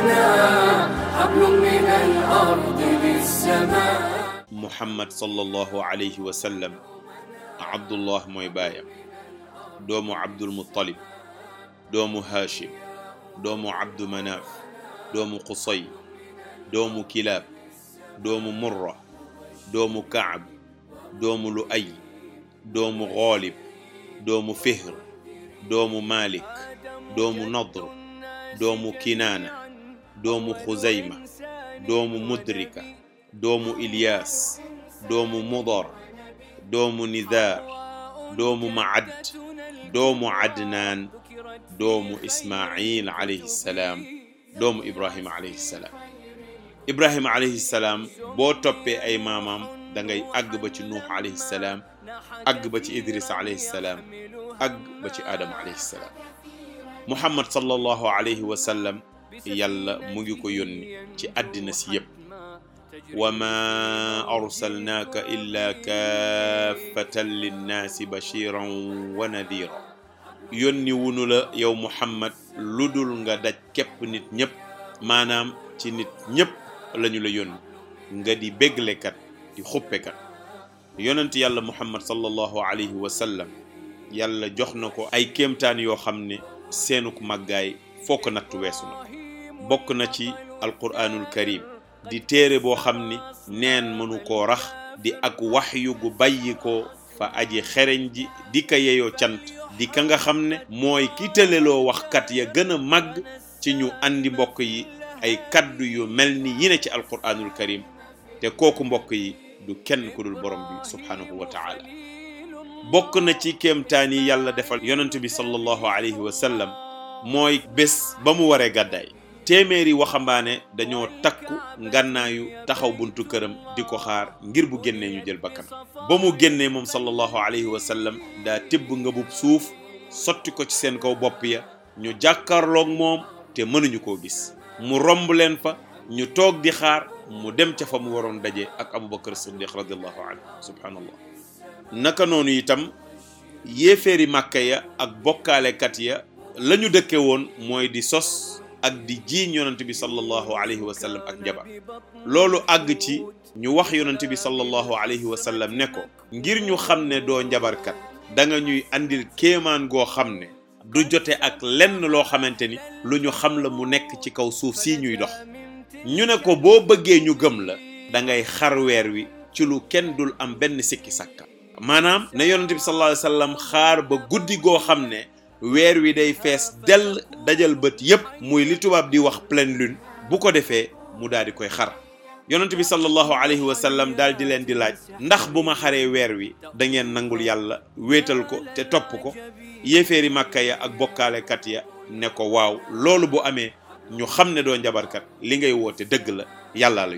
لنا حبل من الأرض للسماء Muhammad sallallahu alayhi wa sallam Abdullah mooy baayam doomu Abdul Muttalib doomu Hashim doomu Abdu Manaaf doomu Qusay doomu Kilaab doomu Murra doomu Kaab doomu Lu'ay doomu Ghalib doomu Fihr doomu Malik doomu Nadr doomu Kinaana doomu xuzayma doomu mudrika doomu ilyas doomu mudar doomu nidar doomu maad doomu adnaan doomu ismail alayhi salaam doomu ibrahima alayhi salaam ibrahima alayhi salaam boo toppee ay maamaam da ngay àgg ba ci nuux alayhi salaam àgg ba ci idris alayhi salaam àgg ba ci aadama alayhi salaam muhammad sallallahu alayhi wa sallam yàlla mu ngi ko yónni ci àddina si yépp wa ma arsalnaaka illa kaafatan linnaasi bashiran wa nadira yónni wunu la yow muhammad lu dul nga daj képp nit ñépp maanaam ci nit ñépp lañu la yónni nga di béglekat di xuppekat yonent yàlla muhammad sallallahu alayhi wa sallam yàlla jox na ko ay kemtaan yoo xam ne seenuk màggaay foo ko nattu weesu na bokk na ci alquranul karim di téere boo xam ni neen mënu koo rax di ak waxyu gu bàyyi ko fa aji xereñ ji di ka cant di ka nga xam ne mooy ki tëleloo waxkat ya gën a màgg ci ñu indi mbokk yi ay kàddu yu mel ni yi ne ci alquranul karim te kooku mbokk yi du kenn ku borom bi subhanahu wa taala bokk na ci kéemtaan yi yàlla defal yonent bi sallallahu alayhi wa sallam mooy bés ba mu waree gàddaay téeméeri waxambaane dañoo takku ngànnaayu taxaw buntu këram di ko xaar ngir bu génnee ñu jël bakkan ba mu génnee moom sallallahu alayhi wa sallam daa tibb ngëbub suuf sotti ko ci seen kaw bopp ya ñu jàkkarlook moom te mënuñu ko gis mu romb leen fa ñu toog di xaar mu dem ca fa mu waroon daje ak abubakar siddiq radiallahu anhu subhaanallah naka noonu itam yéeféeri màkka ya ak bokkaalekat ya lañu ñu dëkke woon mooy di sos ak di jiiñ yonent bi sallallahu alayhi wa sallam ak njabar loolu àgg ci ñu wax yonent bi sallallahu alayhi wa sallam ne ko ngir ñu xam ne doo njabarkat danga ñuy andil kéemaan goo xam ne du jote ak lenn loo xamante ni lu ñu xam la mu nekk ci kaw suuf si ñuy dox ñu ne ko boo bëggee ñu gëm la dangay ngay xar weer wi ci lu kenn dul am benn sikki sakka maanaam ne yonent bi sallallahu alayhi xaar ba guddi goo xam ne weer wi day fees dell dajal bët yépp muy li tubaab di wax plen lune bu ko defee mu daal di koy xar yonent bi sallallahu alayhi wa sallam daal di leen di laaj ndax bu ma xaree weer wi da ngeen nangul yàlla wéetal ko te topp ko yéeféeri màkka ya ak bokkale kat ya ne ko waaw loolu bu amee ñu xam ne doo njabarkat li ngay woote dëgg la yàllaa la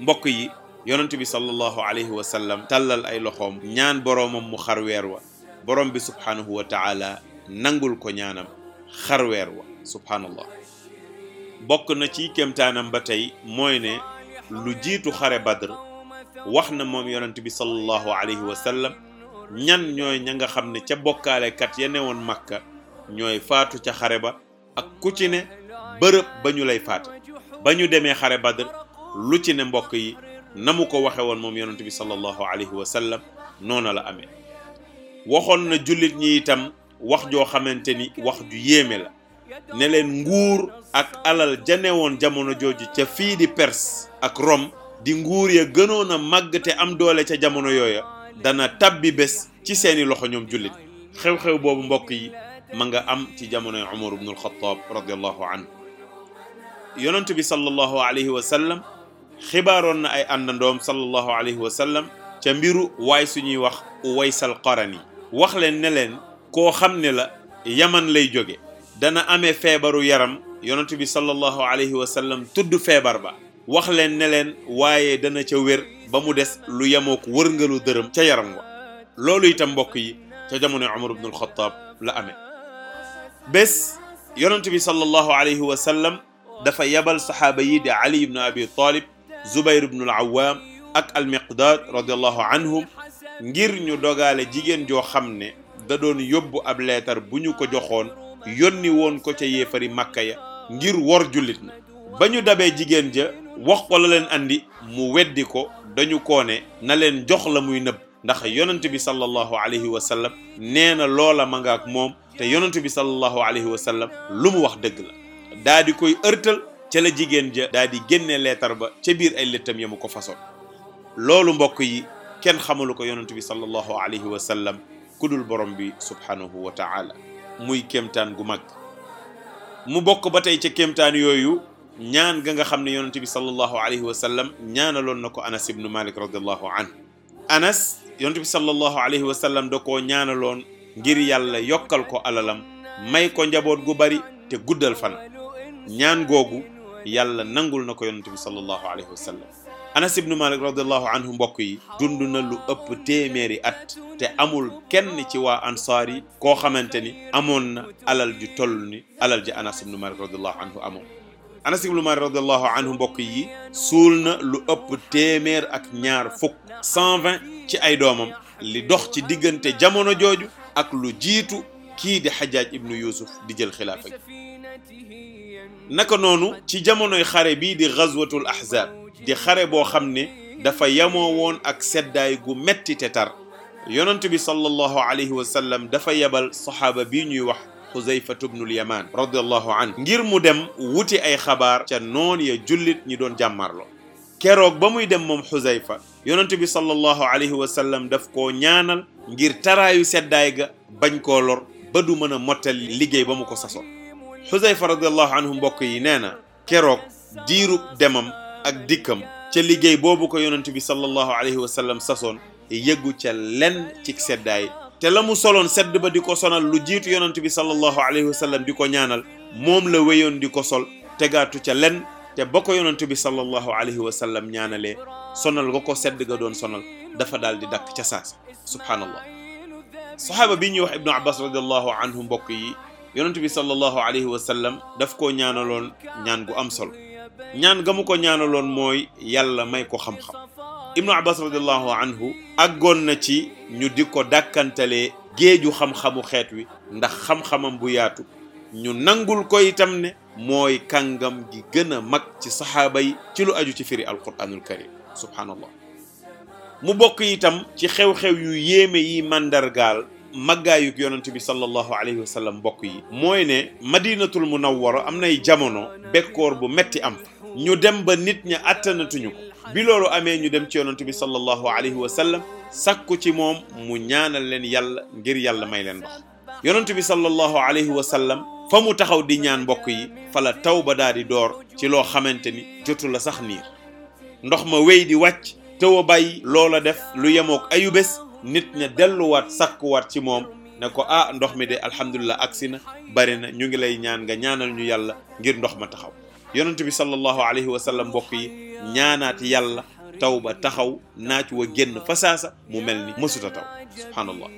mbokk yi yonent bi sallallahu alayhi wa sallam tàllal ay loxoom ñaan boroomam mu xar weer wa borom bi subhaanahu wa taala nangul ko ñaanam xarweer wa subhanallah bokk na ci kéemtaanam ba tey mooy ne lu jiitu xare badr wax na moom yonent bi sallallahu alayhi wa ñan ñooy ña nga xam ne ca bokkaalekat ya woon makka ñooy faatu ca xare ba ak ku ci ne bërëb ba ñu lay faat ba ñu demee xare badr lu ci ne mbokk yi na mu ko waxe woon moom yonent bi sallallahu alayhi wa sallam noona la amee waxoon na jullit ñi itam wax joo xamante ni wax ju yéeme la ne leen nguur ak alal janewoon jamono jooju ca fii di Perse ak Rome di nguur ya gënoon a màgg am doole ca jamono yooya dana tabbi bés ci seeni loxo ñoom jullit xew-xew boobu mbokk yi ma nga am ci jamonoy Umar ibn al-Khattab radiyallahu anhu yonent bi sallallahu alayhi wa xibaaroon na ay àndandoom sallallahu alayhi wa sallam ca mbiru waay suñuy wax Uways al-Qarani wax leen koo xam ne la yaman lay jóge dana ame feebaru yaram yonent bi sallallahu alayhi wa sallam tudd feebar ba wax leen ne leen waaye dana ca wér ba mu des lu yemook wërngalu dërëm ca yaram wa loolu tam mbokk yi ca jamono Umar ibn al-Khattab la ame bés yonent bi sallallahu alayhi wa dafa yabal saxaaba yi di Ali ibn Abi Talib Zubayr ibn al ak al-Miqdaad radiyallahu anhum ngir ñu dogaale jigéen joo xam ne da doon yóbbu ab leetar bu ñu ko joxoon yónni woon ko ca yéefari màkka ya ngir wor jullit na ba ñu dabee jigéen ja wax ko la leen andi mu weddi ko dañu koo na leen jox la muy nëbb ndax yonent bi sallallahu alayhi wa sallam nee na loola mangaak moom te yonent bi sallallahu alayhi wa lu mu wax dëgg la daa di koy ërtal ca la jigéen ja daa di génne leetar ba ca biir ay lettam ya mu ko fasoon loolu mbokk yi kenn xamalu ko yonent bi sallallahu alayhi wa sallam kudul borom bi subhanahu wa ta'ala muy kéemtaan gu mag mu bokk ba tey ca kéemtaan yooyu ñaan ga nga xam ne yonente bi sallallahu alayhi wa sallam ñaanaloon na ko anas ibnu malik radiallahu anas yonente bi sallallahu alayhi wa sallam da koo ñaanaloon ngir yàlla yokkal ko alalam may ko njaboot gu bari te guddal fan ñaan googu yàlla nangul na ko yonente bi sallallahu wa sallam anas ibnu malik radiallahu mbokk yi dund na lu ëpp téeméeri at te amul kenn ci waa ansaar yi koo xamante ni amoon na alal ju toll ni alal ji anas ibnu malik radiallahu mbokk yi suul na lu ëpp téeméer ak ñaar fukk ci ay doomam li dox ci diggante jamono jooju ak lu jiitu kii di xajaaj yusuf di jël xilaafa naka noonu ci jamonoy xare bii di gazwatul ahzab di xare boo xam ne dafa yemoo woon ak seddaay gu metti te tar yonent bi sallallahu alayhi wa dafa yebal saxaaba bi ñuy wax xuzayfatu bnul yamaan radiallahu an ngir mu dem wuti ay xabaar ca noon ya jullit ñi doon jàmmarloo keroog ba muy dem moom xuzayfa yonent bi sallallahu alayhi wa sallam daf koo ñaanal ngir taraayu seddaay ga bañ koo lor ba du mën a mottal liggéey ba mu ko sasoon xuzayfa radiallahu anhu mbokk yi nee na keroog diirub demam ak dikkam ca liggéey boobu ko yonent bi sallallahu alayhi wa sasoon yëggu ca len ci seddaay te la mu soloon sedd ba di ko sonal lu jiitu yonent bi sallallahu alayhi wa sallam di ko ñaanal moom la wéyoon di ko sol tegaatu ca len te ba ko yonent bi sallallahu alayhi wa sallam ñaanalee sonal go ko sedd ga doon sonal dafa dal di dakk ca saas subhaanallah saxaaba bi ñuy wax ibnu abbas radiallahu anhu mbokk yi yonent bi sallallahu alayhi wa sallam daf koo ñaanaloon ñaan gu am solo ñaan ga mu ko ñaanaloon mooy yàlla may ko xam-xam ibnu abbas radiallahu anhu àggoon na ci ñu di ko dàkkantalee géeju xam-xamu xeet wi ndax xam-xamam bu yaatu ñu nangul ko itam ne mooy kàngam gi gëna mag ci saxaaba yi ci lu aju ci firi alquranul karim subhaanallah mu bokk itam ci xew-xew yu yéeme yi màndargaal màggaayug yonent bi sallallahu alayhi wa mbokk yi mooy ne madinatul munawwara am nay jamono bekkoor bu metti am ñu dem ba nit ña attanatuñu ko bi loolu amee ñu dem ci yonent bi sallallahu alayhi wa sallam sakku ci moom mu ñaanal leen yàlla ngir yàlla may leen ndox yonent bi sallallahu alayhi sallam fa mu taxaw di ñaan mbokk yi fala taw ba daal di door ci loo xamante ni jotu la sax niir ndox ma wéy di wàcc tëw a bàyyi loola def lu yemook ayubés nit ña delluwaat sakkuwaat ci moom ne ko ah ndox mi de alhamdulilah agsi na bari na ñu ngi lay ñaan nga ñaanal ñu yàlla ngir ndox ma taxaw yonent bi sallallahu alayhi wa sallam mbokk yi ñaanaat yàlla taw ba taxaw naaj wa génn fa saasa mu mel ni mësuta taw subhaanallah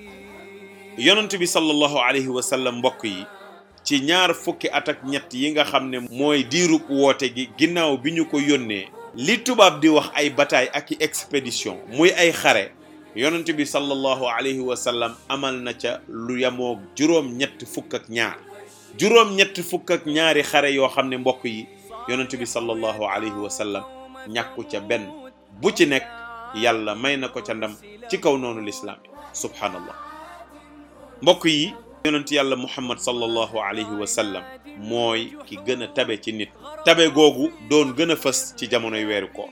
yonent bi wa sallam mbokk yi ci ñaar fukki at ak ñett yi nga xam ne mooy diirub woote gi ginnaaw bi ñu ko yónnee li tubaab di wax ay bataay ak i expédition muy ay xare yonent bi sallallahu alayhi wa sallam amal na ca lu yamoog juróom-ñett fukk ak ñaar juróom-ñett fukk ñaari xare yoo xam ne mbokk yi yonent bi sallallahu alayhi wa sallam ñàkku ca benn bu ci nekk yàlla may na ko ca ndam ci kaw noonu lislaam yi subhaanallah mbokk yi yonent yàlla muhammad sallallahu alayhi wa sallam mooy ki gën a tabe ci nit tabe googu doon gën a fës ci jamonoy weeru koor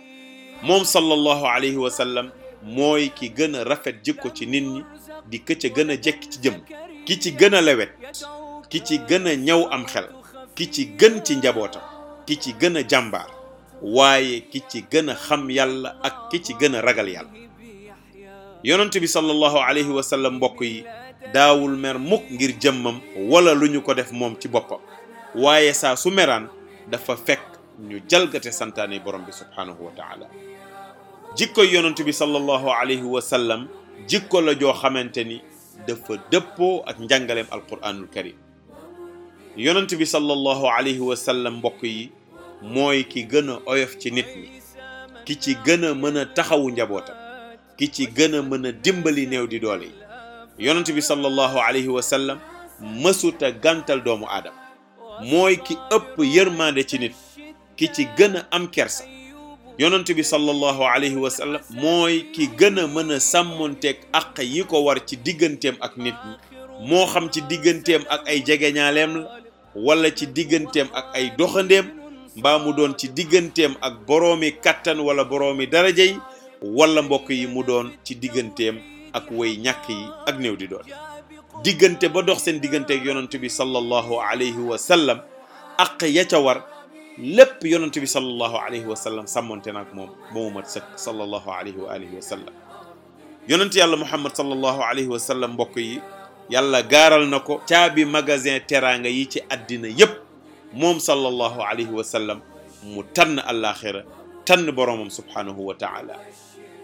moom sallallahu alayhi wa mooy ki gën a rafet jikko ci nit ñi di kë ca gën a jekk ci jëm ki ci gën a lewet ki ci gën a ñaw am xel ki ci gën ci njabootam ki ci gën a jàmbaar waaye ki ci gën a xam yàlla ak ki ci gën a ragal yàlla yonent bi sallallahu alayhi wa mbokk yi daawul mer mukk ngir jëmmam walla lu ñu ko def moom ci boppam waaye saa su meraan dafa fekk ñu jalgate santaane borom bi subhaanahu wa taala jikko yonent bi sallallahu alayhi wa sallam jikko la joo xamante ni dafa dëppoo ak njàngaleem alquranul karim yonent bi sallallahu alayhi wa sallam mbokk yi mooy ki gën a oyof ci nit ñi ki ci gën a mën a taxawu njabootam ki ci gën a mën a dimbali néew di doole yi yonent bi sallallahu alayhi wa sallam mësuta gantal doomu aadam mooy ki ëpp yërmande ci nit ki ci gën a am kersa yonent bi sallallahu alayhi wa sallam mooy ki gën a mën a sàmmonteeg àq yi ko war ci digganteem ak nit moo xam ci digganteem ak ay jegeñaaleem la wala ci digganteem ak ay doxandeem mba mu doon ci digganteem ak boroomi kàttan wala boroomi daraja yi wala mbokk yi mu doon ci digganteem ak way ñàkk yi ak néew di doon diggante ba dox seen digganteek yonent bi sallallahu alayhi wa sallam àq ya ca war lépp yonent bi sallallahu alayhi wa sallam sàmmonte naak moom ba mu mat sëkk sallallahu alayhi wa alihi wa sallam yonent yàlla muhammad sallallahu alayhi wa sallam mbokk yi yàlla gaaral na ko caabi magasin teraanga yi ci àddina yépp moom sallallahu alayhi wa sallam mu tànn àllaaxira tànn boroomam subhaanahu wa taala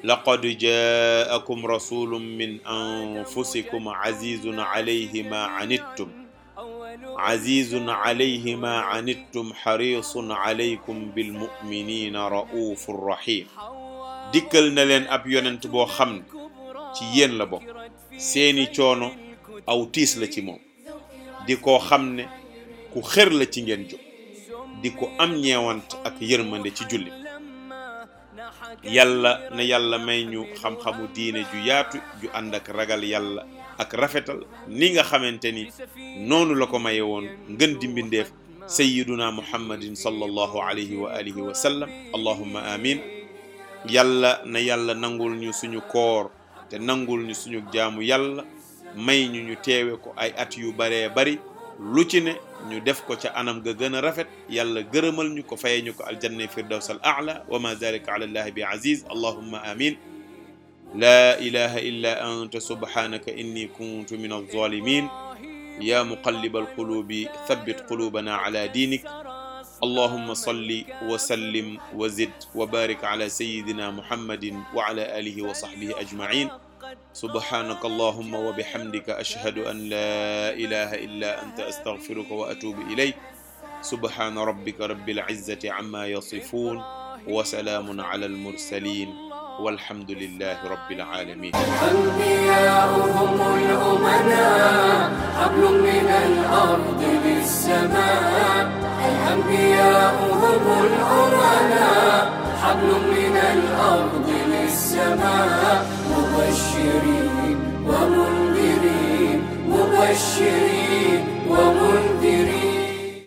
laqad jaakum rasulun min anfusikum azizun alayhi ma anittum azizun alayhi ma anittum xarisun alaykum bil muminina raufun rahim dikkal na leen ab yonent boo xam ne ci yéen la bokk seeni coono aw tiis la ci moom di ko xam ne ku xër la ci ngeen di ko am ñeewant ak yërmande ci jullit yàlla na yàlla may ñu xam-xamu diine ju yaatu ju ànd ak ragal yàlla ak rafetal ni nga xamante ni la ko maye woon ngën di mbindeef sayiduna muhammadin sallallahu wa alihi wa sallam allahumma amin yàlla na yàlla nangul ñu suñu koor te nangul ñu suñu jaamu yàlla may ñu ñu teewe ko ay at yu baree bari lu ci ne ñu def ko ca anam ga gën a rafet yàlla gërëmal ñu ko faye ñu ko aljanna firdaws al wa ma zalika allahi bi aziz allahumma amin laa ilaha illa anta subhanaka inni kuntu min alzalimin ya muqalliba alqulubi thabbit qulubana ala dinik allahumma salli wa sallim wa zid wa barik ala sayidina muhammadin wa ala alihi wa sahbihi ajmain subhanaka allahumma wa bihamdika ashhadu an la ilaha illa anta astaghfiruka wa atubu ilayk subhana rabbika rabbil izzati amma yasifun wa salamun ala almursalin walhamdulillahi rabbil alamin anbiyauhum al-umana hablum min al-ardi lis-samaa anbiyauhum al-umana hablum min al-ardi lis-samaa mubashirin wa mundirin mubashirin wa mundirin